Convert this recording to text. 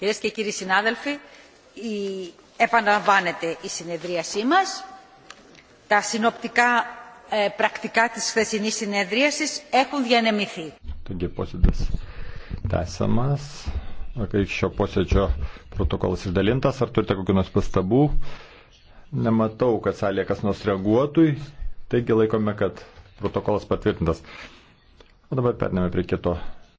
Κυρίες και κύριοι συνάδελφοι, η... επαναλαμβάνεται η συνεδρίασή μας. Τα συνοπτικά ε, πρακτικά της χθεσινής συνεδρίασης έχουν διανεμηθεί. Taigi posėdis tęsiamas, kai šio posėdžio protokolas išdalintas, ar turite kokių nors pastabų? Nematau, kad salėje kas nors reaguotų, taigi laikome, kad protokolas patvirtintas. O dabar perneme prie kito